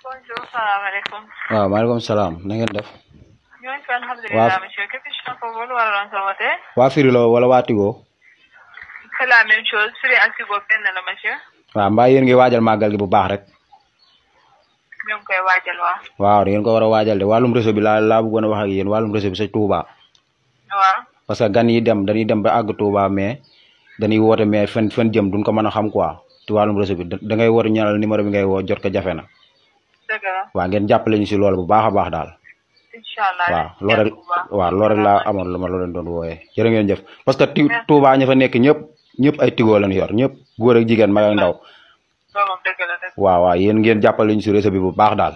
bonjour salaamaaleykum. Ah, waaw maaleykum salaam na ngeen fi alhamdulilah monsieur képp si sa foofu lu waraloon Firi wala watigo c'est la même chose Firi ak Tigo la monsieur. gi bu baax rek. ñu ngi koy bi wax ak gan yi dem dañuy dem ba Touba mais dañuy mais jëm duñ ko xam quoi ci bi da ngay ñaanal numéro bi ngay jot ko na wa ngeen japp lañu ci lool bu baax a baax daal waaw loolu rek waaw loolu rek la amon luma lo la leen doon woyé jere ngeen jëf parce que Touba ña fa nek ñep ñep ay tigo lañu yor ñep goor ak jigen mag ak ndaw wa wa yeen ngeen japp lañu ci réseau bi bu baax dal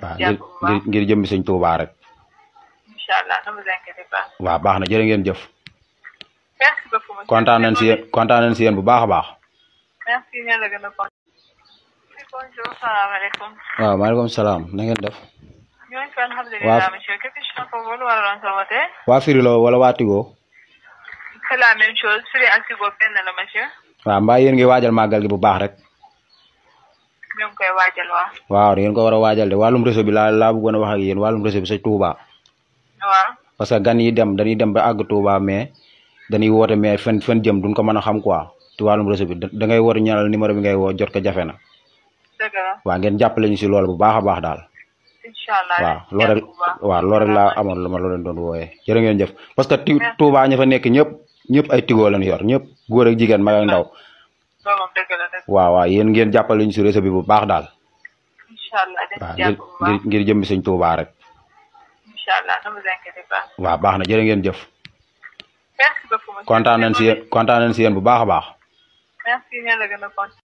daal waaw ngir ngir jëmmi sëñ Touba rek waaw baax na jërë ngeen jëf kontaan nañ si yéen kontaan nañ si yéen bu baax a baax bonjour salaamaaleykum. Ah, waaw maaleykum salaam na ngeen def. ñu fi alhamdulilah monsieur képp si sa wala wala sa wote. waa wala waa c'est la même chose Firi ak Tigo la monsieur. ngi gi bu baax rek. ñu koy waajal waaw. waaw yéen ko war a de wàllum réseau bi laa laa bëggoon a wax ak yéen wàllum réseau bi sa Touba. parce que gan yi dem dañuy dem ba àgg Touba mais dañuy mais fan fan jëm duñ ko mën xam quoi ci wàllum réseau bi da ngay woote ñaanal numéro bi ngay jot ko na. waaw ngeen jàppale si lool bu baax a baax daal. incha allah waaw loolu rek amoon lu ma la leen doon wooyee jërë ngeen jëf parce que ti Touba ña fa nekk ñëpp ñëpp ay Tigo lañ yor ñëpp góor ak jigéen mag ak ndaw. waaw waaw yéen ngeen jàppale ñu si réseau bi bu baax daal. waaw ngir ngir jëmbi sëñ Touba waaw baax na jërë ngeen jëf. kontaan nañ si yéen bu baax a baax.